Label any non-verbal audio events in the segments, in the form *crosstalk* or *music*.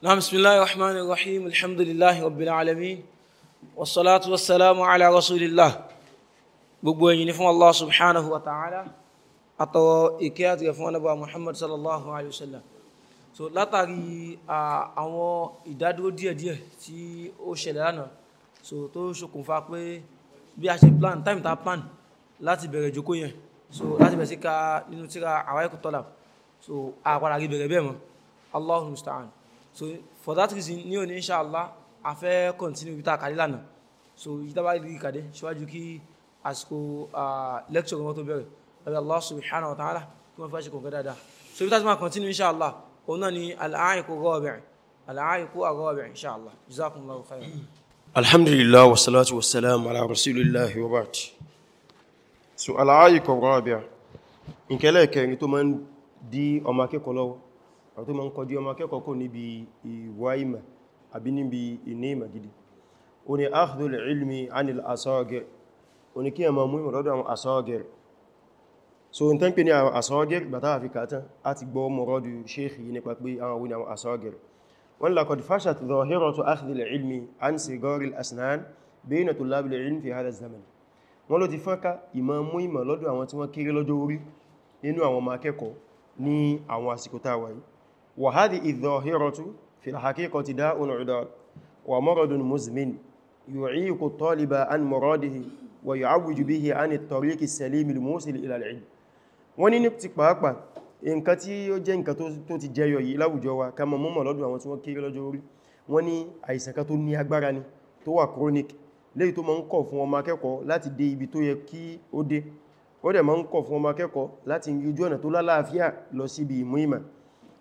نعم بسم الله الرحمن الرحيم الحمد لله رب العالمين والصلاة والسلام على رسول الله gbogbo ẹ̀yin ni fún Allah subhanahu wa ta'ala àtọwọ́ ìkẹ́ àti ẹ̀fún ọ̀nàbà Muhammad sallallahu alayhi wa sallam so látàrí àwọn ìdádúró díẹ̀díẹ̀ tí ó ṣẹlẹ̀ lánàá so tó ṣokùnfà pé bí a ṣe plan time ta plan láti bẹ̀rẹ̀ jókòó yẹn so láti bẹ̀rẹ̀ sí ka nínú tíra àwáyé kò tọ́lá so àpàdà rí bẹ̀rẹ̀ bẹ́ẹ̀ mọ́ Allahul musta'an so for that reason ní òní inshallah a fẹ́ continue bí tá a kàdé lánàá so ìjọba ìlú kàdé síwájú kí àsìkò lecture kan tó bẹ̀rẹ̀ àbí Allah subhanahu wa ta'ala kí wọ́n fi àṣekọ̀ nǹkan dáadáa so bí tá continue inshallah òun náà ni al-a'iqu ar-rabi' al-a'iqu ar-rabi' inshallah jazakumullahu khairan. alhamdulillah wa salatu wa salam ala rasulillah wa ba'd so al-a'iqu ar-rabi' nkẹlẹ́ kẹrin tó máa ń di ọmọ akẹ́kọ̀ọ́ lọ́wọ́ àwọn tó ma ń kọjú ọmọ akẹ́kọ̀ọ́ kò níbi ìwà ìmà àbí níbi ìní ìmà gidi o ni akhdhul ilmi anil asagir o ni kí a ma mú ìmọ̀ lọ́dọ̀ àwọn asagir so n tán pè ní àwọn asagir bàtà àfikà tán a ti gbọ́ mọ̀ rọ́dù sheikhi nípa pé àwọn wọ́n àwọn asagir wọ́n laqad fashat dhahiratu akhdhil ilmi an sigaril asnan bayna tullabil ilmi fi hadha zaman wọ́n ló ti fọ́nká ìmọ̀ mú ìmọ̀ lọ́dọ̀ àwọn tí wọ́n kéré lọ́jọ́ orí nínú àwọn ọmọ akẹ́kọ̀ọ́ ní àwọn àsìkò táwà yìí وهذه الظاهرة في الحقيقة داء عداد ومرض مزمن يعيق الطالب عن مراده ويعوج به عن الطريق السليم الموصل إلى العلم wọ́n ní níptí pàápàá nǹkan tí ó jẹ́ nǹkan tó ti jẹyọ yìí láwùjọ wa ká mọ̀ mọ́mọ̀ lọ́dún àwọn tí wọ́n kéré lọ́jọ́ orí wọ́n ní àìsàn kan tó ní agbára ni tó wà chronic léyìí tó ma ń kọ̀ fún ọmọ akẹ́kọ̀ọ́ láti dé ibi tó yẹ kí ó dé ó dẹ̀ ma ń kọ̀ fún ọmọ akẹ́kọ̀ọ́ láti yíjú ọ̀nà tó lálàáfíà lọ síbi ìmú ìmọ̀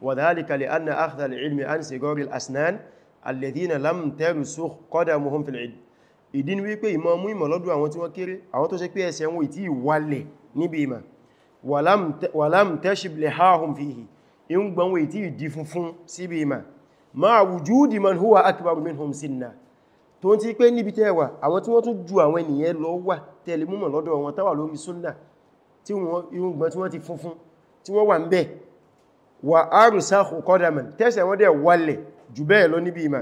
وذلك لأن أخذ العلم عن صغار الأسنان الذين لم ترسخ قدمهم في العلم ìdí ni wípé ìmọ̀ mú ìmọ̀ lọ́dún àwọn tí wọ́n kéré àwọn tó ṣe pé ẹsẹ̀ wọn ìtí ìwalẹ̀ níbi ìmọ̀ wàlám tẹ́ṣìblẹ̀ haahùn fìhì in gbọ́nwò ìtí ìdí funfun síbi ìmọ̀ ma wùjúdì man huwa akbaru minhum sinna tó ti pé níbi tẹ́wà àwọn tí wọ́n wà arùsáàkù kọ́dàmàn tẹ́sẹ̀ wọ́n dẹ̀ wọlẹ̀ jù bẹ́ẹ̀ lọ níbi ìmá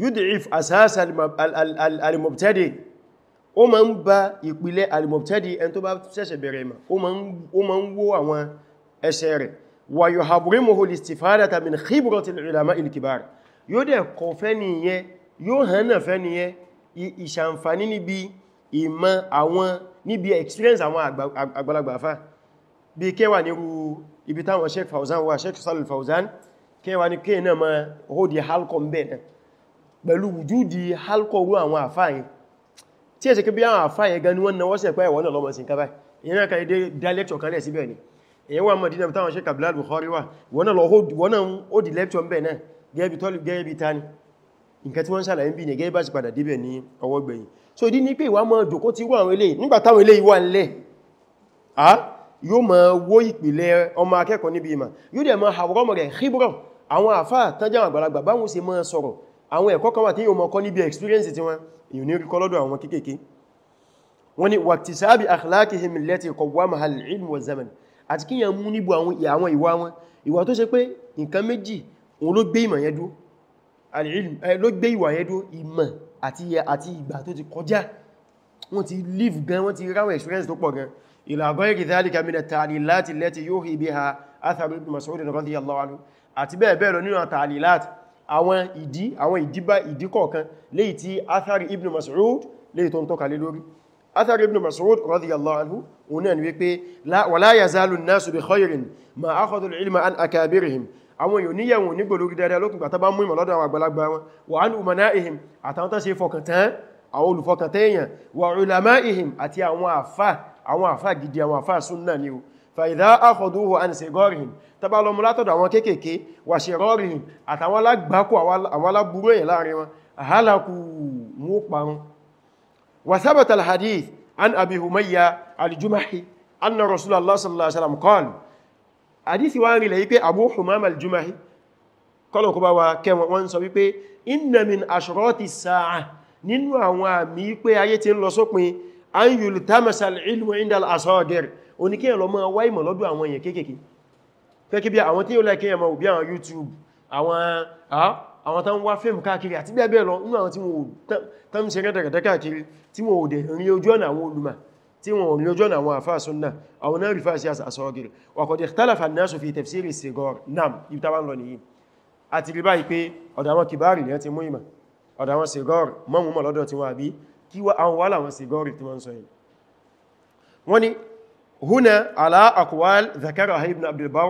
yudif asasa alimọ̀tẹ́dì ó ma ń ba ìpìlẹ̀ alimọ̀tẹ́dì ẹn tó bá ṣẹ̀ṣẹ̀ bẹ̀rẹ̀ ìmá ó ma ń wó àwọn ẹsẹ̀ rẹ̀ wà yóò hàbúrí mọ̀ holistifadata min khibrati al-ulama al-kibar yóò dẹ̀ kọ fẹ́ nìyẹn yóò ibi táwọn sheik fauzan wa sheik salil fauzan kéwà ní kéè náà ma hódi halkọ̀ mbẹ̀ náà pẹ̀lú wùjúdi halkọ̀ rú àwọn àfáàyẹ tí ẹ̀sẹ̀ kébí àwọn àfáàyẹ gan ní wọ́n náà ni èyí wà mọ̀ dínà táwọn sheik abdullahi bukhari wa wọ́n lọ hódi lecture mbẹ̀ náà gẹ́ẹ̀bi tọ́lù gẹ́ẹ̀bi tani nǹkan tí wọ́n ṣàlàyé bí ní gẹ́ẹ̀ bá padà débẹ̀ ní ọwọ́ so ìdí ní pé ìwà mọ́ jòkó ti wà àwọn eléyìí nígbà táwọn eléyìí wà ń yóò ma wó ìpìlẹ̀ ọmọ akẹ́kọ̀ọ́ níbi ìmọ̀ yóò dẹ̀ ma àwọ̀rọ̀mọ̀ rẹ̀ híbrọ̀ àwọn àfá tánjá àgbàlagbà báwọn ṣe máa sọ̀rọ̀ àwọn ẹ̀kọ́ kan wà tí yóò mọ̀ kọ́ níbi experience tí wọ́n yìí ní rí kọlọ́dọ̀ àwọn kéèkéé wọ́n ni wàtísáàbì akhlaqihim allati qawwamaha al-ilm wa zaman àti kí yàn mú níbo àwọn ìwà wọn ìwà tó ṣe pé nǹkan méjì òun ló gbé ìmọ̀ yẹn dúó al-ilm ló gbé ila ghayri dhalika min at-ta'lilati allati yuhi biha athar ibn Mas'ud radiyallahu anhu àti bẹ́ẹ̀ bẹ́ẹ̀ lọ nínú at-ta'lilat àwọn ìdí àwọn ìdíbá ìdí kọ̀ọ̀kan léyìí tí athar ibn Mas'ud léyìí tó ń tọ́ka lé lórí athar ibn Mas'ud radiyallahu anhu òun náà ni wípé wa la yazalu an-nasu bi khayrin ma akhadhu al-ilma an akabirihim àwọn èèyàn níyẹ̀wò nígbò lórí dáadáa lókùn gbà tàbá mú ìmọ̀ lọ́dọ̀ àwọn àgbàlagbà wọn wà án umana ihim àtàwọn tán ṣe fọkàntán àwọn olùfọkàntán èèyàn wà ulama ihim àti àwọn àfáà àwọn àfá gidi àwọn àfá súnnà ni o fàìdá àkọ̀dúwò ànìsẹ̀gọ́rìn tàbálọmù látọ̀dọ̀ àwọn kéèkèé wà ṣe rọ́rìn àtàwọn alágbàkù àwọn aláburú èyàn láàrin wọn àhálàkù mú parun wà sábàtà alhadith an abi humayya aljumahi anna rasulallah sallallahu alaihi wasallam qala hadithi wa rí lẹ́yí pé abu humama aljumahi kọlọ̀ kọba wa kẹwọn wọn sọ wípé inna min ti ń lọ sópin an yultamasa al-ilmu inda al-asagir oni ke lọ ma wá ìmọ̀ lọ́dọ̀ àwọn èyàn kéékèèké keke bí àwọn tí ó like èyàn ma obi àwọn youtube àwọn ah àwọn tan wá film káàkiri àti bẹ́ẹ̀ bẹ́ẹ̀ lọ nínú àwọn tí wọ́n tan se gada gada káàkiri tí wọ́n ode rin ojú ọ̀nà àwọn oluma tí wọ́n rin ojú ọ̀nà àwọn afa sunna àwọn na refer sí as asagir wa qad ikhtalafa an-nas fi tafsir kí wá àwọn wà láwọn sigori tí wọ́n sọ yìí wọ́n ni húnà ala aqwal dhakaraha ibn abdulbar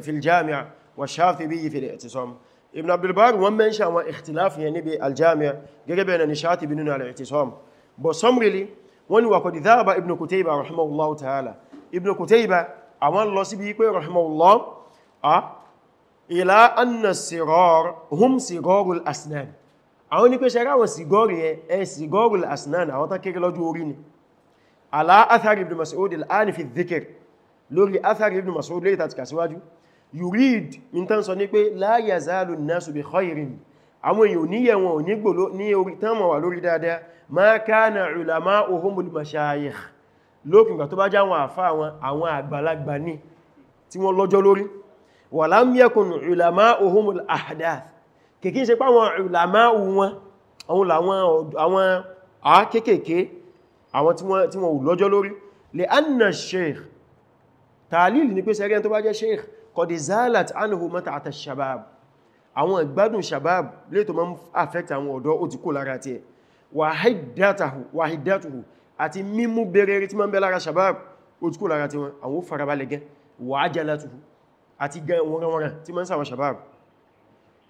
fi jami'a wa ṣáfi bí shafi'i fi al sọm ibn abdulbar wọ́n mẹ́ ṣe àwọn ikhtilaf yẹn níbi aljami'a gẹ́gẹ́ bẹ̀rẹ̀ ni ṣáti bi nínú al-i'tisam but summarily wọ́n ni wa qad ibn kutayba rahimahullahu ta'ala ibn kutayba àwọn lọ síbi pé rahimahullah ila anna hum sigarul asnan àwọn ní pé ṣe ráwọn sigọ́rì ẹ sigọ́rì asnan àwọn tán kéré lọ́jọ́ orí ni ala athari ibn Mas'ud al-an fi dhikr lórí athari ibn Mas'ud lórí tàtíkà síwájú yurid in tán sọ ní pé la yazalu an-nasu bi khairin àwọn èèyàn níyẹ wọn ò nígbòló ní orí tán mọ̀ wà lórí dáadáa ma kìkí ṣe páwọn ìlàmá wọn àwọn àwọn àákékèké àwọn tí wọ́n ò lọ́jọ́ lórí lè anna sheikh tààlìlì ní pé sẹ́rẹ́ tó bá jẹ́ sheikh kọ̀dì zalat anhu mata àtà shabab àwọn ìgbádùn shabab lè tó máa ń affect àwọn ọ̀dọ́ ó ti kó lára tí ẹ wàhídátùhù àti mímú bẹ̀rẹ̀ rí tí ma ń lára shabab ó ti kó lára tí wọn àwọn farabalẹ̀ gẹn wàájálátùhù àti gẹn wọ́nranwọ́nran tí ma sáwọn shabab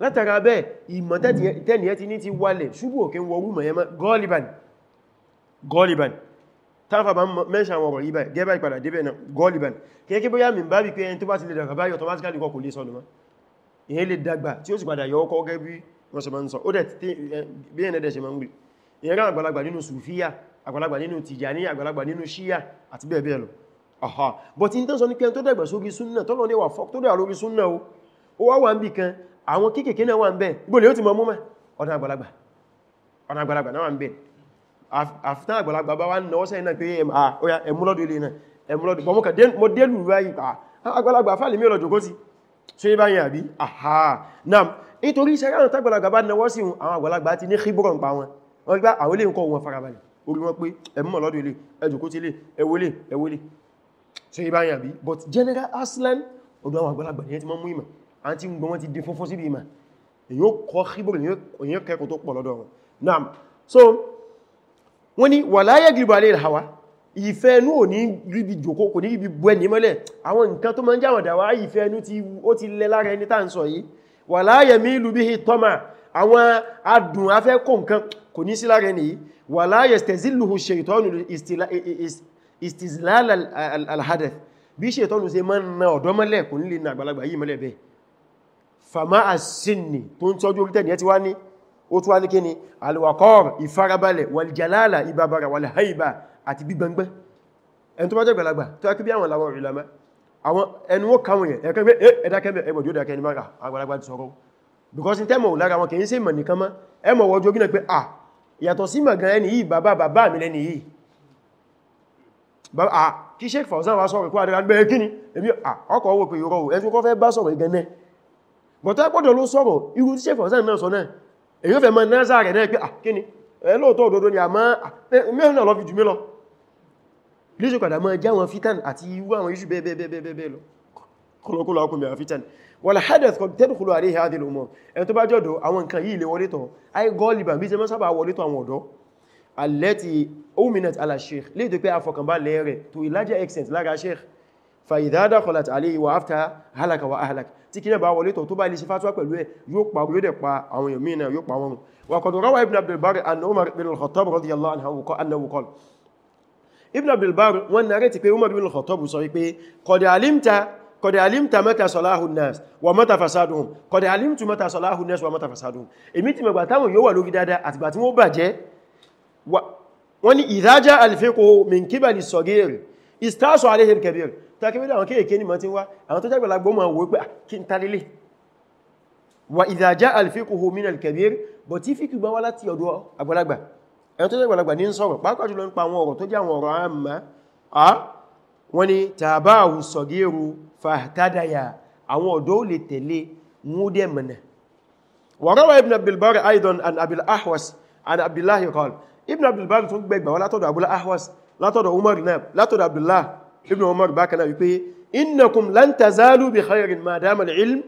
látara bẹ́ẹ̀ ìmọ̀ tẹ́niyẹ ti ní ti wálẹ̀ ṣubú òkè wọrú mọ̀ yẹmọ́ gọ́ọ̀lìbàn gọ́ọ̀lìbàn tánfà bá mẹ́ṣà àwọn ọ̀rọ̀ ibà gẹ́bà ìpàdà débẹ̀ náà gọ́ọ̀lìbàn kẹ́kẹ́ bóyá mi bá bí pé ẹni tó bá ti lè dàgbà báyọ̀ automatically kọkù lè sọ́nù mọ́ èyí lè dàgbà tí ó sì padà yọ ọkọ̀ gẹ́ bí wọ́n sọ ma ń sọ ó dẹ̀ bí ẹni dẹ̀ ṣe ma aha but in tán sọ ní pé ẹni tó dàgbà sórí súnnà tọ́lọ́ ní wà fọ́k tó dà lórí súnnà ó wá wà ń bì kan àwọn kéèkéé náà wà ń bẹ gbò lè ó ti mọ múmẹ́ ọ̀nà àgbàlagbà ọ̀nà àgbàlagbà náà wà ń bẹ àfitán àgbàlagbà bá wá ń náwọ́ sẹ́yìn náà pé ẹmúlọ́dù ilé náà ẹmúlọ́dù bọ́ mọ́ délù ráyì àgbàlagbà fàlì mí ọlọ́jọ́ kó sí ṣe bá yìn àbí àhà náà nítorí iṣẹ́ ráhùn tágbàlagbà bá náwọ́ sí àwọn àgbàlagbà ti ní kíbọ̀rọ̀ ń pa wọn wọ́n gbá àwọn ilé nǹkan wọn farabalẹ̀ orí wọn pé ẹmọ́ lọ́dọ̀ ilé ẹjọ́ kó tí ilé ẹwọlé ẹwọlé ṣe bá yìn àbí but general aslan ọdọ̀ àwọn àgbàlagbà ni ẹ ti àti gbọmọ́ ti dín fúnfún síbi ìmọ̀ èyí ó kọ́ ṣíbòrò èyí kẹ́kọ̀ọ́ tó pọ̀ lọ́dọ̀ wọn náà so wọ́n ni wà láyé gírí balẹ̀ ìhàwá ìfẹ́ inú ò ní ríbi jòkó kò ní ríbi bẹ́ nímọ́lẹ̀ àwọn nǹkan tó máa ń jáwọ̀dà wá ìfẹ́ inú ó ti lẹ lára ẹni tàà ń sọ yìí wà láyé mílù bí tọ́mà àwọn adùn afẹ́ kò nǹkan kò ní na ọ̀dọ́mọ́lẹ̀ kò ní lè na àgbàlagbà yìí mọ́lẹ̀ bẹ́ẹ̀ fàmá àsìnì tó ń tọ́jú orí tẹ́ni ẹ ti wá ní ó tó wá ní kí ni alwakọ́r ìfarabalẹ̀ wàlìjàlálà ìbàbàrà wàlìhaibà àti gbígbẹ̀ngbẹ́ ẹni tó bá jẹ́ gbàlagbà tó yá kí bí àwọn làwọn ìlàmẹ́ àwọn ẹnu kàwọn yẹn ẹ̀kẹ́ pé eh, ẹ̀dákẹ́mẹ́ because tẹ́ mọ̀ lára wọn kìí sí ìmọ̀ nìkan mọ́ ẹ mọ̀ wọ́jú orí náà pé à ah, yàtọ̀ sí mọ̀ gan ẹni yìí bàbá bàbá mi lẹ́ni yìí ah, kí Sheikh Fauzan wa sọ̀rọ̀ kó adẹ́gbẹ́ kí ni ah, bọ̀tá pọ̀dọ̀ ló sọ̀rọ̀ irú tí sẹ́fọ̀ sẹ́n náà sọ náà èyí fẹ́ mọ́ náà sáà rẹ̀ náà pé àkíní ah, ẹlọ́ọ̀tọ́ òdodo ni a máa mẹ́rin lọ fi jù mí lọ lóṣù padà mọ́ jáwọn fitan àti irú àwọn iṣu bẹ́ẹ̀bẹ́ẹ̀bẹ́ẹ̀ lọ kọlọkọlọ ọkùnrin àwọn fitan wàlá hadith kọ tẹ́dùkúlù àrí ìhádì ló mọ́ ẹni tó bá jọ́dọ̀ àwọn nǹkan yìí lè wọlé tọ̀ ayé gọ́ọ̀lì bàbí jẹ́ mọ́sábà wọlé tọ̀ àwọn ọ̀dọ́ alẹ́ti ominat ala sheikh lè tó pé afọkànbalẹ̀ rẹ̀ to a larger extent tí kí náà bá wọlé tọ̀ tó bá ilé ṣe fátúwà pẹ̀lú ẹ̀ yóò pa yóò dẹ̀ pa àwọn èèyàn mìíràn yóò pa wọn وقد روى ابن عبد البر عن عمر بن الخطاب رضي الله عنه أنه قال ابن عبد البر وان نريتك عمر بن الخطاب صحيح قد علمت قد علمت متى صلاح الناس ومتى فسادهم قد علمت متى صلاح الناس ومتى فسادهم èmi ti mọ̀ gbà táwọn yóò wà lórí dáadáa àti gbà tí wọ́n bàjẹ́ wọ́n ní إذا جاء الفقه من قبل الصغير استعصى عليه الكبير takimida àwọn kéèké ní mọ́ tí wá àwọn tó jágbàlá gbọ́mọ̀ wò pé ah, kí n tàrílé wà ìdàjá alfikuhu min alkabir bọ̀ tí fíkù bá wá láti ọ̀dọ̀ àgbàlagbà ẹni tó jágbàlagbà ní sọ̀rọ̀ pàápàá jùlọ nípa àwọn ọ̀rọ̀ tó jẹ́ àwọn ọ̀rọ̀ àmà a wọ́n ni tàbáhù sọ̀gẹ́rù fahtadaya àwọn ọ̀dọ́ lè tẹ̀lé múdẹ̀ mọ̀nà wà rọ́wà ibn abdulbar aidan an abil ahwas an abdullahi qal ibn abdulbar tún gbẹgbà wá látọ̀dọ̀ abul ahwas látọ̀dọ̀ umar nab látọ̀dọ̀ abdullah ibn umar bákaná wípé innakum lan tazalu bi khairin ma dama al-ilm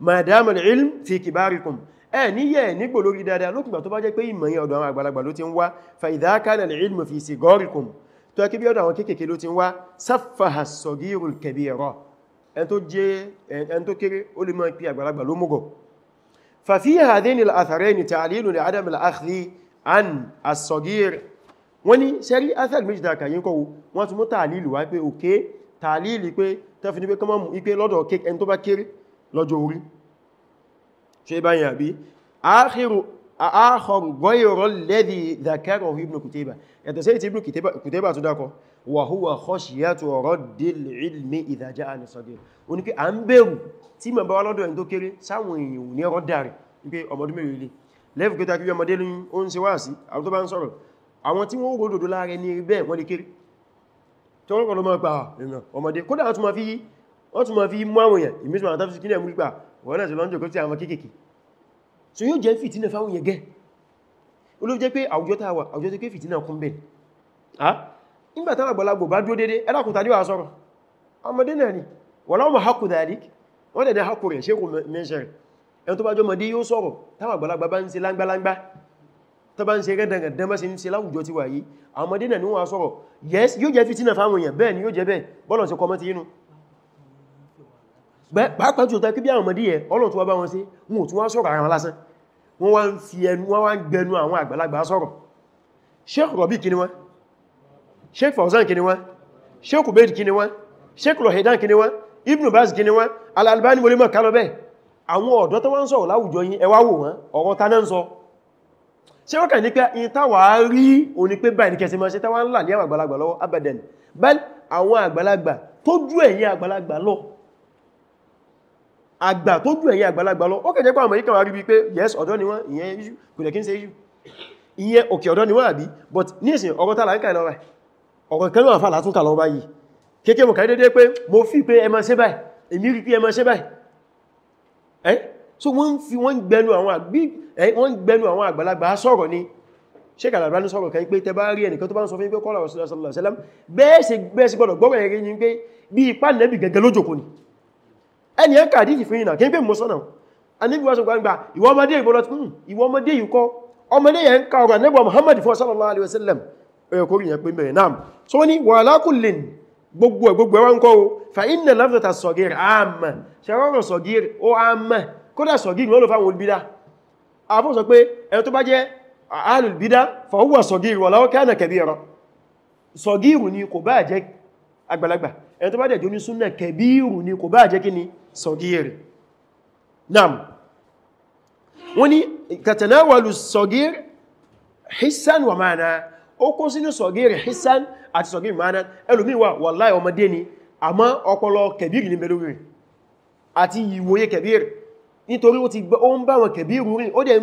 ma dama al-ilm fi kibarikum ẹ níyẹ nígbò lórí dáadáa lókùnbà tó bá jẹ́ pé ìmọ̀ yẹn ọ̀dọ̀ àwọn àgbàlagbà ló ti ń wá fa idha kana al-ilm fi sigarikum tó ẹkí bí ọ̀dọ̀ àwọn kéèkéé ló ti ń wá saffaha as-sagiru al-kabira ẹn wọ́n ní sẹ́rí athag méjì dáka yínkọ́ wọ́n tún mú tààlìlì wá pé òkè tààlìlì pé tẹ́fì ní pé kọ́mọ̀ mú ipé lọ́dọ̀ ẹni tó bá kéré lọ́jọ́ orí ṣe bá yìn àbí ààkọrù gọ́yọ̀rọ̀ lẹ́dì dhakaro ibn kuteba kuteba tó dákọ wà húwà khashiyatu raddil ilmi idha ja'ani saghir o ní pé à ń bẹ̀rù tí mọ̀ bá wá lọ́dọ̀ ẹni tó kéré sáwọn èèyàn ní ọ̀rọ̀ dàrí pé ọmọdún kí ọmọdé lóyún ó wáàsí àwọn tó bá ń sọ̀rọ̀ àwọn tí wọ́n ròdòdó láàrẹ ní bẹ́ẹ̀ wọ́n lè kéré tí wọ́n rọ̀lọ́ máa pa ọmọdé kódà wọ́n tún ma fi mú àwọn èèyàn ìmísùn àwọn tàbí kílẹ̀ múlùpà wọ́n náà ti lọ́njọ́ kó tí àwọn kéèkèé so yóò jẹ́ fìtínà fáwọn èèyàn gẹ́ olóòf jẹ́ pé àwùjọ tàwà àwùjọ tó ké fìtínà kún bẹ̀ nígbà táwọn àgbàlagbò bá dúró dédé ẹlákùn tàbí wà sọ́rọ̀ ọmọdé náà ni wọ́n láwọn hakù dàdí wọ́n dẹ̀dẹ̀ hakù rẹ̀ ṣe kò mẹ́ṣẹ̀rẹ̀ ẹni tó bá jọmọdé tó bá ń ṣe rẹ́dẹ̀rẹ̀dẹ́ mẹ́sí ń ṣe láwùjọ ti wà yìí àwọn ọmọdé náà wọ́n sọ̀rọ̀ yes yóò jẹ́ fìtínà fáwọn èèyàn bẹ́ẹ̀ ni yóò jẹ́ bẹ́ẹ̀ bọ́lọ̀ sí kọmọ́ ti yínú pàápàá jù tàbí àwọn ọmọdé yẹ ọlọ́n tó wá bá wọn sí wọn ò tún wá sọ̀rọ̀ àwọn lásán wọ́n wá ń Sheikh Rabi kí ni wọ́n Sheikh Fauzan kí Sheikh Ubaid kí Sheikh Lohedan kí Ibn Baz kí Al-Albani wọlé mọ̀ kálọ́bẹ̀ àwọn ọ̀dọ́ tó wá ń sọ̀rọ̀ láwùjọ yìí ẹ wá wò wọ́n ṣe wọ́n kà ní pé in táwà rí òní pé báyìí kẹsì máa ṣe táwà ńlá ní àwọn àgbàlagbà lọ́wọ́ abadan bẹ́ẹ̀ àwọn àgbàlagbà tó jú ẹ̀yìn àgbàlagbà lọ àgbà tó jú ẹ̀yìn àgbàlagbà lọ ó kẹjẹ́ pé àwọn ìkàwà rí bí pé yes ọ̀dọ́ ni wọ́n ìyẹn issue kò lè kí ń ṣe issue ìyẹn òkè ọ̀dọ́ ni wọ́n àbí but ní ìsìn ọ̀rọ̀ tààlà ń kà lọ́wọ́ ọ̀rọ̀ kẹlú àfà látúnkà lọ báyìí kéèké mọ̀ kàí dédé pé mo fi pé ẹ máa ṣe báyìí èmi rí pé ẹ máa ṣe báyìí so wọ́n fi wọ́n gbẹnu àwọn àgbí wọ́n gbẹnu àwọn àgbàlagbà sọ̀rọ̀ ni Sheikh Al-Albani sọ̀rọ̀ kan pé tẹbá rí ẹnìkan tó bá ń sọ fún pé qala Rasulullah sallallahu alaihi wasallam bẹ́ẹ̀ sí gbọ́dọ̀ gbọ́rọ̀ ẹ̀rẹ́ yìí pé ni ẹni ẹ̀kà àdíjì fún ìrìnà kí n pè mọ́ sọ́nà aníbi wọ́n sọ gbangba ìwọ ọmọdé ìbọ́lọ́ tún hmm, ìwọ ọmọdé yìí kọ́ ọmọdé yẹn ń ka ọ̀rọ̀ Ànábì Muhammad alaihi wasallam ẹ̀kọ́ rí yẹn pé mẹ́rin náà so ní wa ala kullin gbogbo ẹ̀ gbogbo ẹwà ń kọ́ o fa inna lafzata sọ̀gẹ̀rẹ̀ àmà ṣe kódà sọ̀gírì wọ́n lò fáwọn olùbídá àfún sọ pé ẹni tó bá jẹ́ alùbídá fọwọ́ sọ̀gírì wọ́n láwọ́ kẹ́ẹ̀nà kẹbíra sọ̀gírù ni kò bá jẹ́ àgbàlagbà ẹni tó bá jẹ́ jóní súnnà kẹbíru ni kò bá jẹ́ kí ni sọ̀gírì nam wọ́n ni katanawalu sọ̀gírì hissan wa mana ó kó sínú sọ̀gírì hissan àti sọ̀gírì ìwòye kẹbíri nítorí ó ti gbọ́ ó ń bá wọn kẹ̀bíru rí ó dẹ̀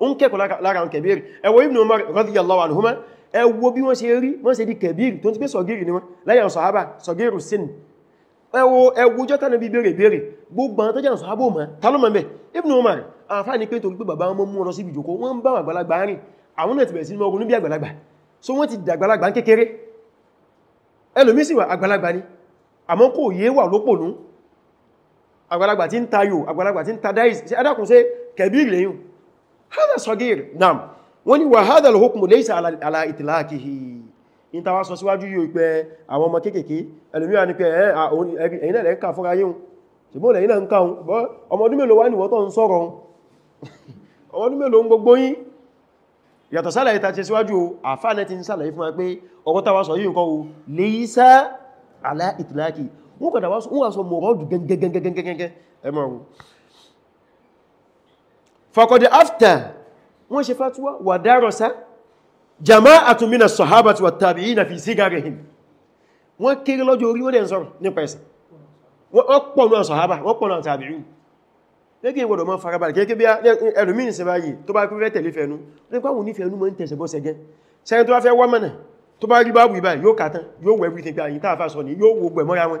ó ń kẹ́kọ̀ọ́ lára wọn kẹ̀bíru ẹwọ Ibn Umar radiyallahu anhuma ẹwọ bí wọ́n ṣe rí wọ́n ṣe di kẹ̀bíru tó ti pé sọ̀gírì ni wọ́n lẹ́yìn sọ̀hábà sọ̀gírù sin ẹwọ ẹwọjọ́ tánà bí bèèrè bèèrè gbogbo àwọn tó jẹ́ sọ̀hábà ma tálọ́ mọ̀ bẹ́ Ibn Umar àfáà ni pé torí pé bàbá wọn mú wọn lọ sí ibìjòkó wọ́n ń bá wọn àgbàlagbà rìn àwọn náà ti bẹ̀rẹ̀ sí mọ́ ogun níbi àgbàlagbà so wọ́n àgbàlagbà tí ń tayò àgbàlagbà tí ń ta dáìs sí adákùn sí kẹbíir lẹ́yìn hádà sọgír nam wọ́n ni wà hádà lọ́hùkùn lẹ́yìn àlà ìtìláàkìhì in tawa sọ síwájú yóò pẹ àwọn ọmọ kéèkéé ẹlòmíwà ní pé ẹ̀yìn ẹ̀lẹ́ ń ká fúnra yíhun ṣùgbọ́n lẹ́yìn náà ń ká hun ọmọ ọdún mélòó wá ní wọ́tọ̀ ń sọ̀rọ̀ *laughs* ọmọ ọdún mélòó ń gbogbo yín yàtọ̀ sálàyé ta ṣe síwájú àfáànẹ́ ti ń sálàyé fún wa pé ọkọ́ tawa sọ yìí nǹkan o lè yí sá àlá wọ́n padà wá sọ mọ̀rọ̀dù gẹ́gẹ́gẹ́gẹ́gẹ́gẹ́ ẹmọ̀rún fàkọ̀dẹ̀ after wọ́n ṣe fatuwa wà dárọsá jama'atun mina sahabati wa tabi'ina fi sigarihim wọ́n kéré lọ́jọ́ orí wọ́n dẹ̀ sọ̀rọ̀ nípa ẹ̀sìn wọ́n pọ̀ náà sahaba wọ́n pọ̀ náà tabi'in lẹ́gbẹ̀ẹ́ ìwọ̀dọ̀ mọ́ farabalẹ̀ kẹ́kẹ́ bí ẹlùmí ìsẹ̀ báyìí tó bá pẹ́ tẹ̀lé fẹ́nu lẹ́gbàwò ní fẹ́nu mọ́ ń tẹ̀sẹ̀ bọ́sẹ̀ gẹ́ sẹ́yìn tó bá fẹ́ wọ́n mọ́nà tó bá rí báwù ìbá yóò kàtán yóò wẹ́ everything pé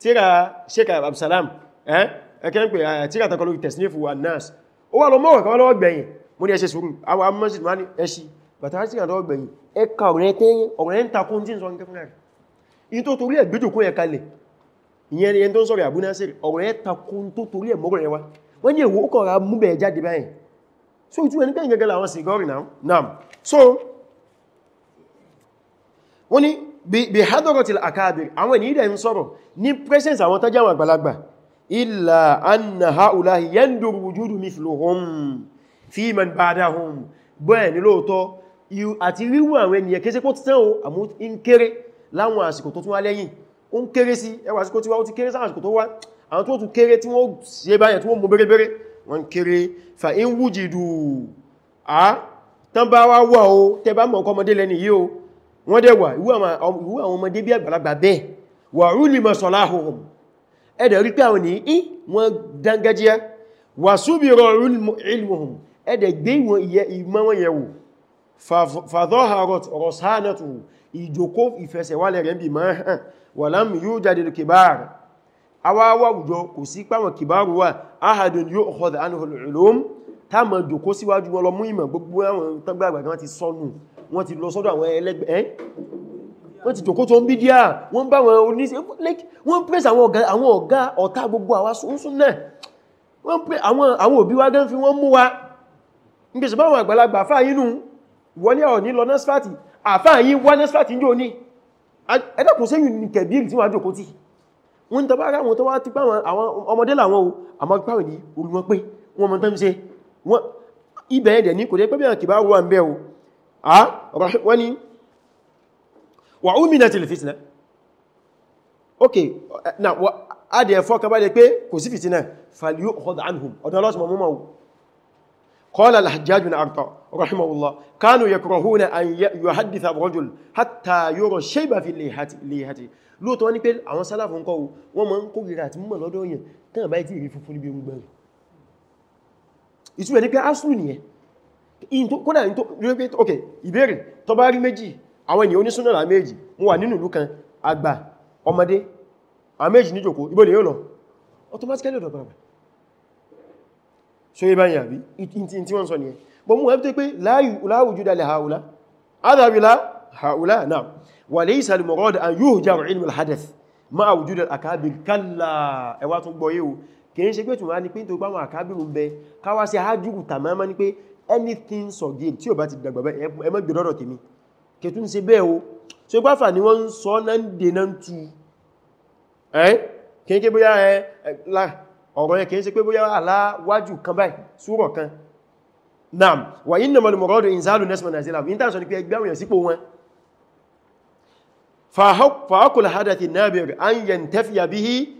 tíra sheik absalam eh, ẹkẹ́ ń pè eh, tíra takọlù tẹ̀sínífù wà nas ó wà lọ mọ́wàá kan lọ́wọ́ gbẹ̀yìn mú ní ẹṣẹ́ sùúrù àwọn amọ́sílù wá ní ẹṣì bàtà tíra lọ́wọ́ gbẹ̀yìn ẹka ọ̀rẹ́ ń takún tí ń sọ ń kẹfún rẹ̀ in tó torí ẹgbẹ́jòkún ẹ̀ka lẹ̀ ìyẹn ẹni tó ń sọ̀rọ̀ àbúná sí ọ̀rẹ́ takún tó torí ẹ̀ mọ́rẹ̀ wa wọ́n ní èwo ó so ìtú bí hadrotil akabir àwọn ènìyàn ìdẹ̀ ń sọ̀rọ̀ ní presence àwọn tán jáwọn àgbàlagbà illa anna ha'ulahi yandur wujudu mithluhum fi man ba'dahum bẹ́ẹ̀ ni lóòtọ́ àti ríwọ̀ àwọn ènìyàn kése pọ́ títẹ́ wá lẹ́yìn ó ń mọ̀ ọkọ̀ ọmọdé lẹ́ni yìí wọ́n dẹ̀ wà ìwú àwọn ọmọdé bí àgbàlagbà bẹ́ẹ̀ wà rúlìmọ̀ sọ̀láhùn ẹ̀dẹ̀ rí pé àwọn ní í wọ́n dangajíyá wà súbìrọ̀ ilmuhum ẹ̀dẹ̀ gbé ìwọ̀n iye ìmọ̀ wọn yẹ̀wò fàdọ́harọ̀t rọ̀sánàtù ìjòkó ìfẹsẹ̀wálẹ̀ rẹ̀ bí máa wọ́n ti lọ sọ́dọ̀ àwọn ẹlẹ́gbẹ́ wọ́n ti jòkó tó ń bí díà wọ́n bá wọn oníṣẹ́ wọ́n pèsè àwọn ọ̀gá ọ̀tá gbogbo àwa sún náà wọ́n pè àwọn òbí wa gan fi wọ́n mú wa ń pèsè báwọn àgbàlagbà fáà yínú wọlé ọ̀ ní lọ nẹ́sfàtì àfáà yí wá nẹ́sfàtì ní òní ẹ̀dẹ́kùn sí yìí ní kẹ̀bíìrì tí wọ́n jòkó tí wọ́n tàbá ara wọn tó wá ti pàwọn ọmọdé làwọn àmọ́ pàwọn ní olùwọ́n pé wọ́n mọ́ tán ṣe ibẹ̀ ẹ̀dẹ̀ ní kò dé pẹ́bẹ̀ àkìbá wọ́n bẹ́ o wọ́n ni wà úmìnà til fitna ok na adì ẹ̀fọ́ kan bá dẹ pé kò sí fitna faliyo ọ̀dá anhum ọ̀dọ́ lọ́sí mọ̀mọ́ mọ̀ قال الحجاج بن عرطة رحمه الله كانوا يكرهون أن يحدث الرجل حتى يرى الشيبة في ليهته lóòtọ́ ní pé àwọn sálàfù ń kọ́wọ́ wọ́n ma ń kórìíra àti mọ̀ lọ́dọ̀ yẹn tán àbáyé tí ìrí funfun níbi ogun gbẹ̀rẹ̀ ìtúwẹ̀ ní pé asùn nìyẹn kódà ní tó rí pé ok ìbéèrè tó bá rí méjì àwọn ènìyàn onísúnà là méjì wọ́n wà nínú ìlú kan àgbà ọmọdé àwọn méjì ní jòkó ibò lè yóò lọ automatically ọ̀dọ̀ bàbà so ibá yàbí tí wọ́n sọ nìyẹn bọ́ mú ẹbí tó pé láwùjú dalẹ̀ haula adàbílá haula náà wà lè ìsàlì mọ̀rọ̀dà an yóò jàrù ilmù alhadith ma a wùjú anything so game? tí o bá ti dàgbà bá ẹ mọ́ gbé lọ́dọ̀ tèmi kẹtún ṣe bẹ́ẹ̀ o so gbáfà ni wọ́n ń sọ náà ń dè náà ń tu ẹ́ kìí kí bóyá ẹ ọ̀rọ̀ ẹ kìí ṣe pé bóyá aláwájú kan báyìí súrọ̀ kan naam wà yí nàmọ̀ lùmọ̀rọ̀dù ìzálù nẹ́sìmọ̀ nàìjíríà yí tàà sọ ní pé ẹgbẹ́ àwọn sípò wọn fàákùl hadathi nabir an yantafiya bihi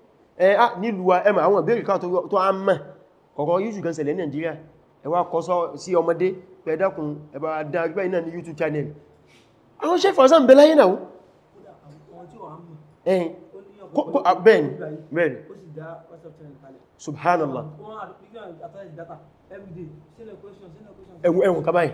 nílùú ẹmà àwọn ìbéèrè ká tó á mẹ́ ọ̀rọ̀ YouTube kan ṣẹlẹ̀ ní Nàìjíríà ẹ wá kọ́ sí ọmọdé pẹ̀ẹ́dàkùn ẹ̀bà dárípẹ́ iná ní YouTube channel àwọn ṣe fọ́sán bẹ láyé náà bẹ́ẹ̀ni bẹ́ẹ̀ni subhanallah ẹ̀wọ̀n kàbáyì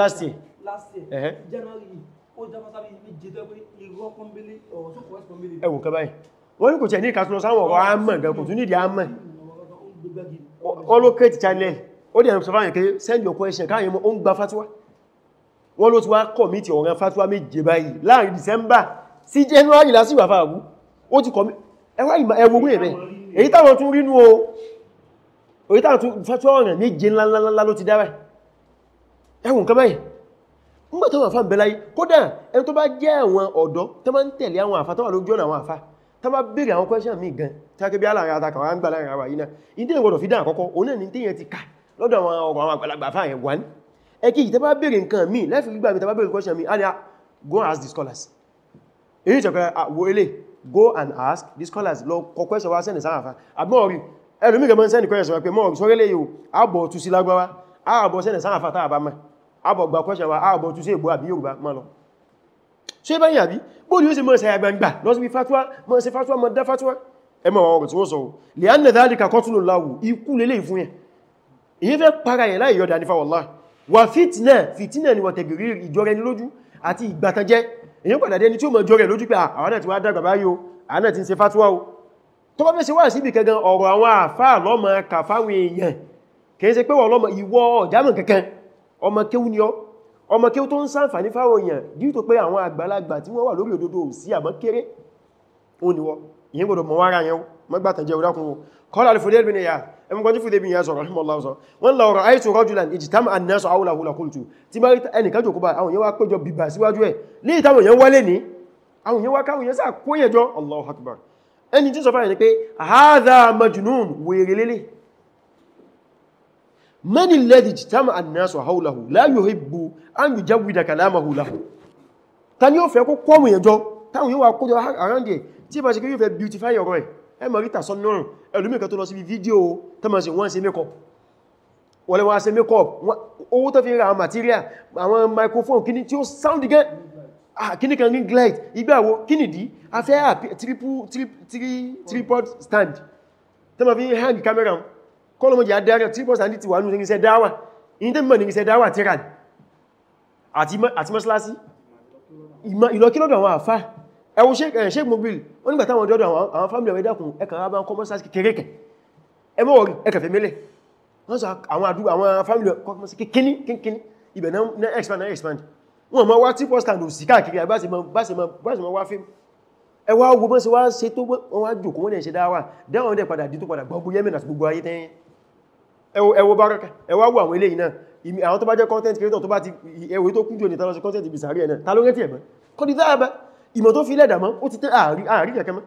last year last year January ó jẹ́ mọ́sábí méje tó pé irọ́ pọ́nbélé ọ̀rọ̀ tó kọ̀wẹ́ pọ́nbélé ẹwù kẹ báyìí wọ́n ní kò tẹ̀ ní ìkàtúnlọ sáwọn ọ̀rọ̀ àmà gan kò tún nídìí àmà ó ló kẹ́ẹ̀tì channel ó dẹ̀ sọ fáyẹ̀ pé send your question káyẹ̀ mọ́ ó ń gba fatuwa wọ́n ló ti wá kọ̀mítì ọ̀rọ̀ fatuwa méje báyìí láàrin December sí January lásìwà fàáwú ó ti kọ̀mí ẹwà ẹwùrú ẹ̀bẹ̀ èyí táwọn tún rínú o èyí táwọn tún fatuwa ọ̀rọ̀ méje ńláńláńlá ló ti dára ẹwùn nígbà tó wọ́n fà ń bẹ láyé kódà ẹni tó bá jẹ́ àwọn ọ̀dọ́ tó máa ń tẹ̀lé àwọn àfà tó wà lójú ọ̀nà àwọn àfà tó bá béèrè àwọn question míì gan tí a kébí aláàrin àtakà wọ́n ń gbà láàrin àwà yìí náà ìdí ìwọ̀dọ̀ fi dán àkọ́kọ́ òun náà ní tí yẹn ti kà lọ́dọ̀ àwọn ọ̀rọ̀ àwọn àgbàlagbà fà yẹn wà ní ẹkì ìtẹ́ bá béèrè nǹkan míì láìfi gbígbà mi tẹ́ bá béèrè question míì ah, go and ask the scholars èyí ìjọkọ̀ àwọ̀ ilé go and ask the scholars lọ kọ question wá sẹ́nì sáàfà àbọ̀rí ẹlòmí gẹ̀mọ́ sẹ́nì question wá pé mọ́ ọ̀rí sọ́rẹ́lẹ̀ yóò àbọ̀ tù sí lágbára àbọ̀ sẹ́nì sáàfà àbọ̀gbà kọ́ṣẹ̀ wa ààbọ̀ tún sí èbò àbí Yorùbá ma lọ ṣe bá yàbí bó ní ó sì mọ́ ṣe àgbàǹgbà lọ́sí fatuwa mọ́ ṣe fatuwa mọ́ dá fatuwa ẹmọ àwọn ọ̀rọ̀ tí wọ́n sọ lè á nẹ̀ dáríkà kọ́tùnù láwù ikú lélẹ̀ fún yẹn èyí fẹ́ para yẹn láì yọ̀dá nífà wọ́lá wà fìtínà fìtínà ni wọ́n tẹ̀gìrí ìjọrẹ ní lójú àti ìgbàtanjẹ́ èyí padà dẹni tí ó mọ̀ jọrẹ lójú pé àwọn àti wá dàgbà báyìí o àwọn àti ń ṣe fatuwa o tó bá fẹ́ ṣe wà síbi kankan ọ̀rọ̀ àwọn àfáà lọ́mọ kàfáwọn èèyàn kìí ṣe pé wọ́n lọ́mọ ìwọ ọ̀jámọ̀ kankan ọmọ kéwú ni ọ́ ọmọ kéwú tó ń ṣàǹfààní fáwọn èèyàn díù tó pé àwọn àgbàlagbà tí wọ́n wà lórí òdodo sí àmọ́ kéré ó ni wọ́ ìyẹn gbọ́dọ̀ mọ̀ wára yẹn mọ́gbàtàjẹ́ orákun wo kọ́lá alifudel bin ya ẹmùkọ́ jí fúdébìn ya sọ̀rọ̀ rahimahullahu sọ wọ́n lọ rọ̀ àìtò rajulan ìjìtàmù annasu hawlahu laqultu tí bá rí ẹnìkan jòkó bá àwọn yẹn wá péjọ bìbà síwájú ẹ̀ ní ìtàwọn yẹn wọlé ní àwọn yẹn wá من الذي اجتمع الناس حوله لا يحب ان يجود كلامه له tani ó fẹ́ kó ko mu yejo tawon yo wa ko jo around there tí bá ṣe kí ó fẹ́ beautify ọ̀rọ̀ ẹ̀ ẹ mọ̀ rita so nurun ẹlòmí kan tó lọ sí bí video tó ma ṣe wọ́n ṣe makeup wole wa ṣe makeup owó tó fi ra material àwọn microphone kíni tí ó sound again ah kíni kan ring light ìgbàwo kíni di a fẹ́ triple triple tripod stand tó ma fi hand camera kọlọmọjì adarí tí bọ́sà ní ti wà ní iṣẹ́ dáwà ní tẹ́ mọ̀ ní iṣẹ́ dáwà tí ràn àti mọ́sálásí ìlọkílọ́dọ̀ àwọn àfá ẹwọ sheik mobil wọ́n nígbàtà àwọn ọdọ́dọ̀ àwọn fámílì ọ̀rẹ́dà kùn ẹkà rábá ń kọ́ mọ́sálásí kékeré kẹ ẹmọ́ ẹkẹfẹ́ mẹ́lẹ̀ wọ́n sọ àwọn àdúgbò àwọn fámílì kọ́ mọ́sálásí kékeré kékeré ibẹ̀ náà expand náà expand wọ́n mọ́ wá tí bus stand ò sí káàkiri àbáṣemọ́ wá fíìmù ẹwà ogun bọ́n sí wá ṣe tó wọ́n wá jòkó wọ́n lè ṣe dáwà dáwọn ọdẹ padà dí tó padà gbogbo Yemen àti gbogbo ayé tẹ́yìn ẹwọ bárọ́kà ẹwà wọ àwọn eléyìí náà ìmì àwọn tó bá jẹ́ content creator tó bá ti ẹwọ tó kúndùn ní tánàṣe content ìbìsàrí ẹ̀nà ta ló rántí ẹ̀mọ́ kọ́ di dáàbá ìmọ̀ tó fi lẹ́dà mọ́ ó ti tẹ́ ààrí kẹ̀kẹ́ mọ́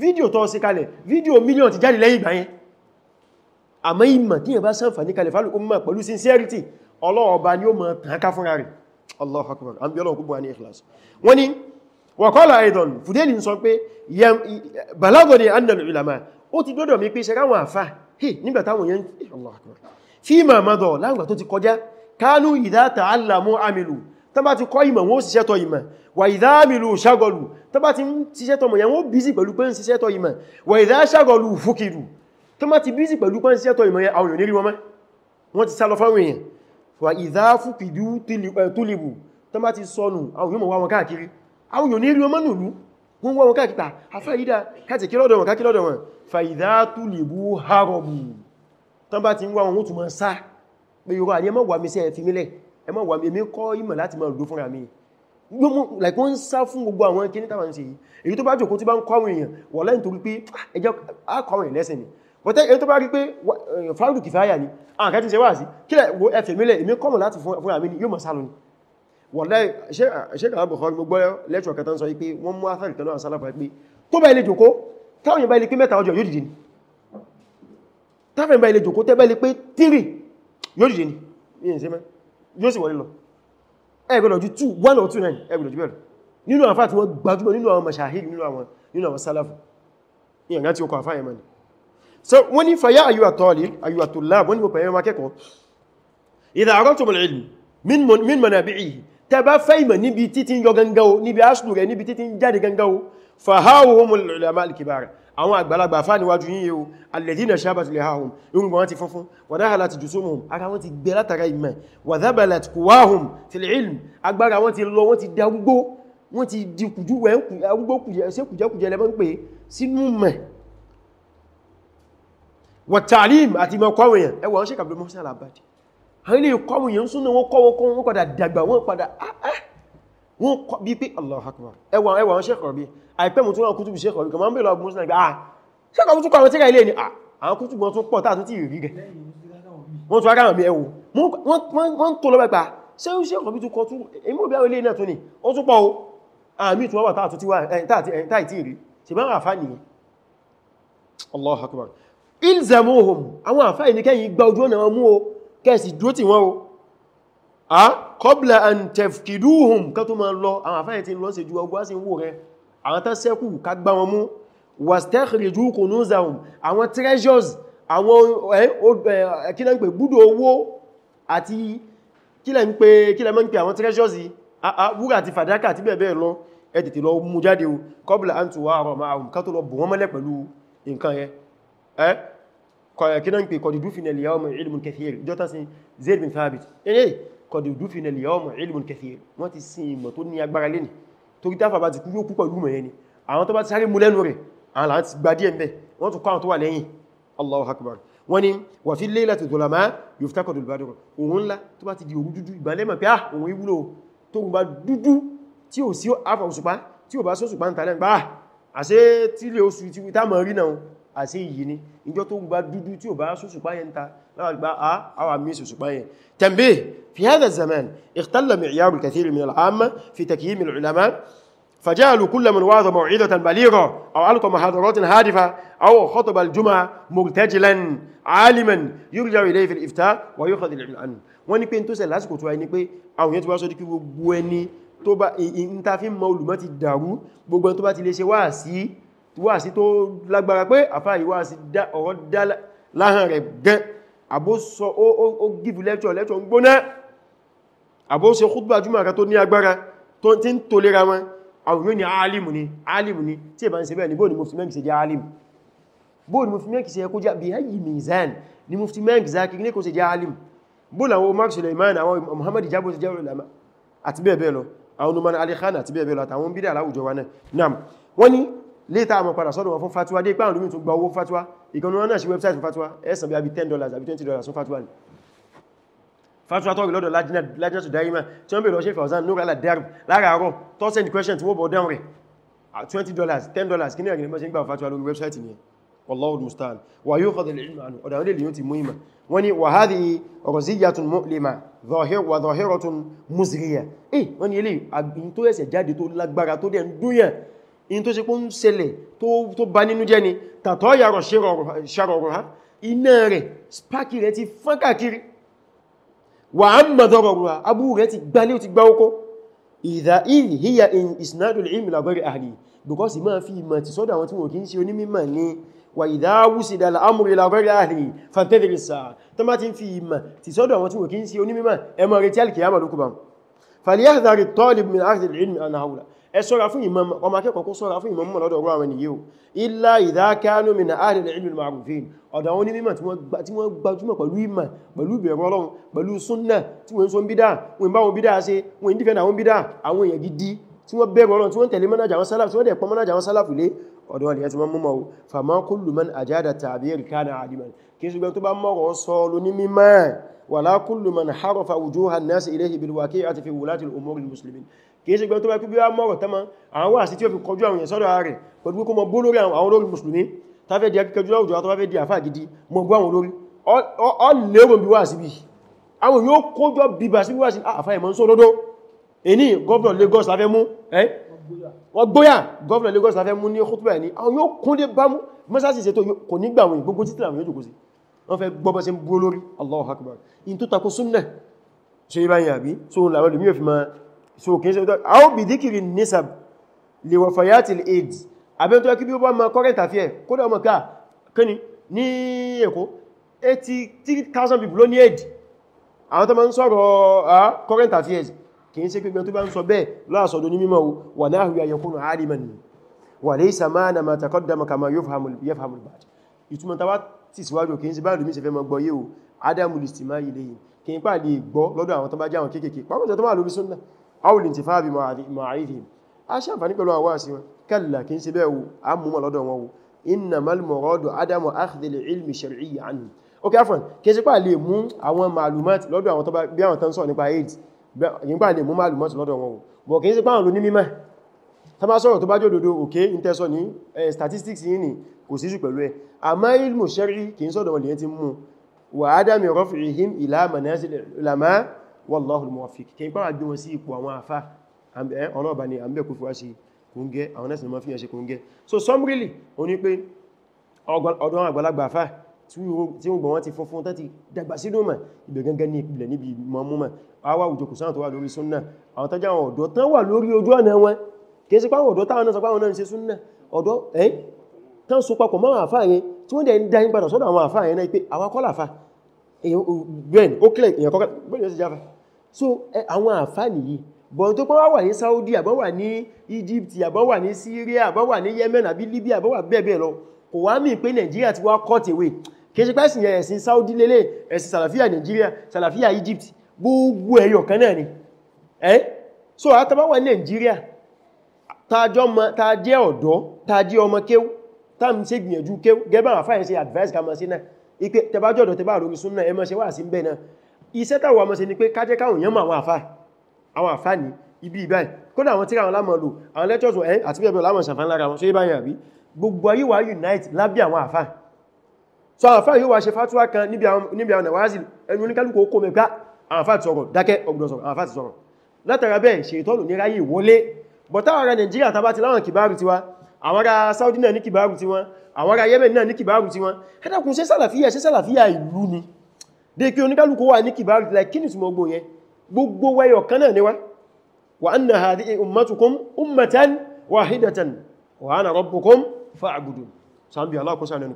fídíò tó ṣe kalẹ̀ fídíò mílíọ̀n ti jáde lẹ́yìn ìgbà yẹn àmọ́ ìmọ̀ tí yẹn bá sàǹfàní kalẹ̀ fálù ó mọ̀ pẹ̀lú sincerity Ọlọ́run ọba ni ó mọ̀ tàn ká fúnra rẹ̀ Allahu akbar àmì Ọlọ́run kúbọ̀ ní ikhlas wọ́n ni waqala aidan Fudayl sọ pé balagoni annal ulama ó ti dọ́dọ̀ mi pé ṣe ráwọn àfáà nígbà táwọn yẹn fi ma mọ́dọ̀ láàgbà tó ti kọjá kánú ìdá ta'allamu amilu tán bá ti kọ́ ìmọ̀ wọ́n ṣiṣẹ́ tọ ìmọ̀ wà ìdá amilu ṣagọlù tán bá ti ṣiṣẹ́ tọ mọ̀ yẹn wọ́n bízi pẹ̀lú pé ń ṣiṣẹ́ tọ ìmọ̀ wà ìdá ṣagọlù fúkìrù tán bá ti bízi pẹ̀lú pé ń ṣiṣẹ́ tọ ìmọ̀ yẹn àwọn onírí wọn wọ́n ti sálọ fáwọn èèyàn wà ìdá fúkìdú túlìbù káàkiri àwọn fàìdátù lè bú harọ̀bù tán bá ti ń wá wọn tún máa sá pé yóò rà ní ẹmọ́ wà mí sí ẹ̀fí mílẹ̀ ẹmọ́ wà mí kọ́ ìmọ̀ láti máa lò fúnra mi like wọ́n ń sá fún gbogbo àwọn kíní tàbí ṣe yìí èyí tó bá jòkó tí bá ń kọ́wìn èèyàn wọ̀ lẹ́yìn tó rí pé ah, ẹjọ́ akọ̀wìn lẹ́sìn ni wọ́tẹ́ èyí tó bá rí pé eh, fáàrùdù kìfáyà ni àwọn ah, kẹ́tí ṣe wà sí kílẹ̀ wo ẹfẹ̀ mílẹ̀ èmi kọ́mù láti fúnra mi ni yóò mọ̀ sálọ ni wọ̀lẹ́ ṣe kàwọn bùkọ́ gbogbo lẹ́tọ̀ kẹta ń sọ pé wọ́n mú áfẹ́rì tẹ́lọ́ àsálàfà pé tó bá ilé jòkó táwọn yẹn bá ilé pé mẹ́ta ọjọ́ yóò dìde ni táwọn yẹn bá ilé jòkó tẹ́ bá ilé pé tírì yóò dìde ni yíyìn sí mẹ́ yóò sì wọlé lọ ẹgbẹ̀rẹ̀ ojú 2 1 or 2 9 ẹgbẹ̀rẹ̀ ojú bẹ̀rẹ̀ nínú àwọn fàtí wọ́n gbajúmọ̀ nínú àwọn mashahid nínú àwọn nínú àwọn sálàfù ìyàn láti ọkọ̀ àfáà yẹmọ̀ ni so wọ́n ní fàyá àyíwà tọ́ọ̀lì àyíwà tó láàbọ̀ ní pẹ̀lú ẹmọ akẹ́kọ̀ọ́ ìdá àrọ́tùmọ̀lì ilmi min mọ̀nà bí i tẹ bá fẹ́ ìmọ̀ níbi títí yọ gangawo níbi aṣùlù rẹ̀ níbi títí jáde gangawo fàháwòhùn ulama al-kibar àwọn àgbàlagbà fà níwájú yíyẹ o alladhina shabat lihahum irungbọn wọn ti funfun wa nahalat jusumuhum ara wọn ti gbẹ látara ìmẹ̀ wa dhabalat quwwahum fil ilm agbára wọn ti lọ wọn ń pè sínú mẹ́ wa ta'lim àti ìmọ̀ kọwọ̀ yẹn wọ́n kọ́ bí pé Allahu Akbar ẹwà ẹwà wọn Sheikh Rabi àìpẹ́ mú tún wọn kútùbù Sheikh Rabi kọmọ́ ń bèèrè ọgbọ́n sínú àà Sheikh Rabi tún kọ́ àwọn tíra ilé ni ah, àwọn bí lọ pẹ́pà ah, Sheikh Rabi tún kọ́ tún èmi ò bí àwọn ilé náà tún ni ó o àmì ah, tún wà ti wà o a kọbla an tefkiduhum ká tó ma lọ àwọn afẹ́ tí lọ sí ju ọgbá sí wò rẹ àwọn tán sẹ́kù ká gbá wọn mú wastakhrijú kunuzahum àwọn treasures àwọn kílẹ̀ ń pè gbúdò owó àti kílẹ̀ ń pè kílẹ̀ mọ́ ń pè àwọn treasures wúrà àti fàdákà àti bẹ́ẹ̀ bẹ́ẹ̀ lọ ẹ tètè lọ mú jáde o kọbla an tuwara ma'ahum ká tó lọ bù wọ́n mọ́lẹ̀ pẹ̀lú nǹkan yẹn kílẹ̀ ń pè kọ̀dìdúfinẹ̀lì yawma ilmun kathir jọ́tásí zaid bin thabit kọ̀dì òdúfinà lè ọmọ ilmù kẹfì wọ́n ti sin ìmọ̀ tó ní agbára lẹ́ni torí táfà bá ti kú yóò púpọ̀ lúmọ̀ yẹni àwọn tó bá ti sáré mú lẹ́nu rẹ̀ àwọn láti gba díẹ̀ mẹ́ wọ́n tún káwọn tó wà lẹ́yìn Allahu akbar wọ́n ni wà fi lé láti tòlàmá yóò fi tákọ̀dù ìbádọ́rọ̀ òun ńlá tó bá ti di òru dúdú ìgbàlẹ́mọ̀ pé ah òun ìwúlò tó ń bá dúdú tí ò sí àfà láwàgbà àwà mísù ṣùgbọ́n yẹn tẹ̀mbé fi hádà zaman ikhtalla mi'yaru kathiri min al'amma fi takyim al'ulama فجعلوا كل من وعظ موعظة بليغة أو ألقى محاضرات هادفة أو خطب الجمعة مرتجلا عالما يرجع إليه في الإفتاء ويؤخذ العلم عنه wọ́n ní pé tó ṣẹlẹ̀ lásìkò tó wáyé ní pé àwọn èèyàn tó bá sọ́dí kí gbogbo ẹni tó bá ń ta fi mọ́ olùmọ́ ti dàrú gbogbo ẹni tó bá ti lè ṣe wáàsí tó lágbára pé àfáà yìí wáàsí ọ̀rọ̀ dá láhàn rẹ̀ gẹ́ àbó sọ ó gífù lẹ́tọ̀ lẹ́tọ̀ ń gbóná àbó ṣe khutbah jùmọ̀ àkà tó ní agbára tó tí ń tó lera wọn àwọn yóò ní alimu ni alimu ni tí ìbá ń ṣe bẹ́ẹ̀ ni bóò ni mufti mẹ́kì ṣe jẹ́ alimu bóò ni mufti mẹ́kì ṣe yẹ jẹ́ bí ayi mizan ni mufti mẹ́kì Zakir ní kó ṣe jẹ́ alimu bóò làwọn Ali Khan àti bẹ́ẹ̀ bẹ́ẹ̀ lọ àtàwọn bídà láwùjọ wa later mo padà sọ́dọ̀ wọn fún fatwa dé pàrùn lómi tún gba owó fatwa ìkanu wọn náà sí website fún fatwa ẹ̀sàn bí i àbí $10 àbí $20 fún fatwa ni fatwa tọ́rì lọ́dọ̀ lájínà tó wọ́n ni wallahul musta'an wa yukhadhu al-ilmu anhu eh wọ́n ni eléyìí àgbìn ẹsẹ̀ jáde tó lágbára tó dẹ̀ ń dúnyàn in tó ṣe pọ́ ń ṣẹlẹ̀ tó bá nínú jẹ́ ni tàtọ́ yàrọ̀ ṣàrọ̀rọ̀ ha iná rẹ̀ spákì rẹ̀ ti fán káàkiri wà á mọ̀dọ̀rọ̀rọ̀ abú rẹ̀ ti gbálé ó ti gbá ókó ìdá ìhìyà in isnadul ilmi labari ahli because ma fi ma ti sọ́dọ̀ àwọn tí wọ́n kí ń ṣe onímọ̀ ni wà ìdá wùsìdà al'amuri labari ahli fantadirisa tó má ti fi ma ti sọ́dọ̀ àwọn tí ẹ ṣọ́ra fún ìmọ̀ ọmọ akẹ́kọ̀ọ́ kó ṣọ́ra fún ìmọ̀ mọ̀ lọ́dọ̀ ọ̀rọ̀ àwọn ènìyàn illa idha kanu min ahli al-ilmi al-ma'rufin ọ̀dọ̀ àwọn onímọ̀ tí wọ́n gbajúmọ̀ pẹ̀lú ìmọ̀ pẹ̀lú ìbẹ̀rù Ọlọ́run pẹ̀lú súnnà tí wọ́n sọ bídá wọ́n bá wọn bídá ṣe wọ́n ń dífẹ́ndà wọn bídá àwọn èèyàn gidi tí wọ́n bẹ̀rù Ọlọ́run tí wọ́n tẹ̀lé mọ́nájà wọn sálàfù tí wọ́n kí ṣùgbọ́n tó fi wulati al-umuri al-muslimin kìí ṣe gbẹ́ tó mẹ́kú bí wá mọ́rọ̀ tẹ́mọ́ àwọn wà sí tí ó fi kọjú àwọn ìyẹ̀sọ́dọ̀ rẹ̀ pẹ̀lú kó mọ bó lórí àwọn olórí mùsùlùmí tafẹ́ di akẹ́kẹ́jú láwùjọ tó fẹ́ di àfáà gidi mọ gbọ́ àwọn olórí ọ lérò bí wà sí bí àwọn yóò kójọ bí bà sí wà sí ah, àfáà ìmọ̀ só lódó ẹni gọ́ọ̀nà Lagos la fẹ́ mú wọ́n gbóyà gọ́ọ̀nà Lagos la fẹ́ mú ní khutbah ẹni àwọn yóò kún dé bá mú mẹ́sàsì ṣètò kò nígbà àwọn ìgbógun títí àwọn yóò jòkó wọ́n fẹ́ gbọ́bọ́ sí bú olórí Allahu Akbar in tó takó súnnà ṣe ibáyìn àbí tó làwọn lè mí máa so kìí ṣe ọdọ́ àwọn bí díkìrì nisab lè wọ̀ fayati aid abẹ́ tó yẹ kí bí ó bá ma current affair kódà ọmọ ká kíni ní èkó 83,000 people ló ní aid àwọn tó ma ń sọ̀rọ̀ current affairs kìí ṣe pípẹ́ tó bá ń sọ bẹ́ẹ̀ láàsọ̀dọ̀ ní mímọ̀ wà náà hùyà ma taqaddama kama yafhamul ba'd ìtumọ̀ tàwà tí síwájú kìí ṣe bá lùmí ṣe adamu listima ilé yìí kìí pàdé gbọ́ lọ́dọ̀ àwọn tó bá jáwọn aw lintifa bi ma'arifihim a ṣe àǹfàní pẹ̀lú àwọn àṣíwá kalla kí n ṣe bẹ́ẹ̀ wo a mú mọ̀ lọ́dọ̀ wọn wo innamal muradu adamu akhdhil ilmi shar'iyyi anhu ok afon kí ṣe pà lè mú àwọn malumat lọ́dọ̀ àwọn tọba bí àwọn tán sọ nípa aids yìí pà lè mú malumat lọ́dọ̀ wọn wo bọ̀ kí ṣe pà lò ní mímẹ́ tá bá wallahul muwaffiq kí n pàwà gbé wọn sí ipò àwọn afá ọlọ́ọ̀bá ni àmì ẹ̀kú fíwá sí kúngẹ́ àwọn ẹ̀sìn ma fi yàn ṣe kúngẹ́ so summarily o ní pé ọdún àgbàlagbà afá tí ó gbọ́ wọn ti funfun tàti dàgbà sí lóòmà ibẹ̀ gangan ní ìpìlẹ̀ níbi mọ́múmà àwa òjòkù sáà tó wà lórí súnnà àwọn tọ́jà àwọn ọ̀dọ́ tán wà lórí ojú ọ̀nà wọn kìí sí pàwọn ọ̀dọ́ táwọn náà sọ pàwọn náà ń ṣe súnnà ọ̀dọ́ ẹ́ tán so papọ̀ mọ́ àfáà yẹn tí wọ́n dẹ̀ ń dá yín padà sọ́dọ̀ àwọn àfáà yẹn náà pé àwa kọ́ làfáà so àwọn àǹfààní yìí bọ̀n tó pọ́n wà ní Saudi àbọ́ wà ní Egypt àbọ́ wà ní Syria àbọ́ wà ní Yemen àbí Libya àbọ́ wà bẹ́ẹ̀bẹ́ẹ̀ lọ kò wá mí pé Nigeria ti wá cut away kèsì pẹ́sìn ẹ̀sìn Saudi lélẹ̀ ẹ̀sìn Salafia Nigeria Salafia Egypt gbogbo ẹ̀yọ̀ kan náà ni ẹ́ so àtàbá wà ní Nigeria ta jẹ́ ọ̀dọ́ ta jẹ́ ọmọ kéwú ta ń ṣe gbìyànjú kéwú gẹ́bà àfáyẹ̀ ṣe advice kama sí náà ipé tẹbájọ́dọ̀ tẹbá lórí súnnà ẹmọ́ ṣe wà sí ń bẹ́ náà iṣẹ́ táwọn àmọ́ ṣe ni pé kájẹ́ káwọn èèyàn mọ̀ àwọn àfáà àwọn àfáà ní ibi ìbáyìí kódà àwọn tíra àwọn lámọ̀ lò àwọn lectures ẹ̀ àti bẹ́ẹ̀ lámọ̀ ṣàfán lára wọn ṣe báyìí àbí wa unite lábí àwọn so àwọn àfáà yóò wá ṣe fatuwa kan níbi àwọn nawazil ẹnu oníkálùkù ó kó mẹ́gbá àwọn àfáà ti sọ̀rọ̀ dákẹ́ ọgbọ̀n sọ̀rọ̀ àwọn àfáà ti sọ̀rọ̀ látara ará Saudi náà ní kìbáàrù tiwọn àwọn ará Yemen náà ní kìbáàrù tiwọn ẹ̀dàkùn ṣe sàlàfíà ṣe ìlú ni dé kí oníkálùkù wà ní kìbárù like kí ni túnmọ̀ gbogbo yẹn gbogbo wẹyọ kan náà ni wá wa anna hadhihi ummatukum ummatan wahidatan wa ana rabbukum fa'budun sàbí alákùsà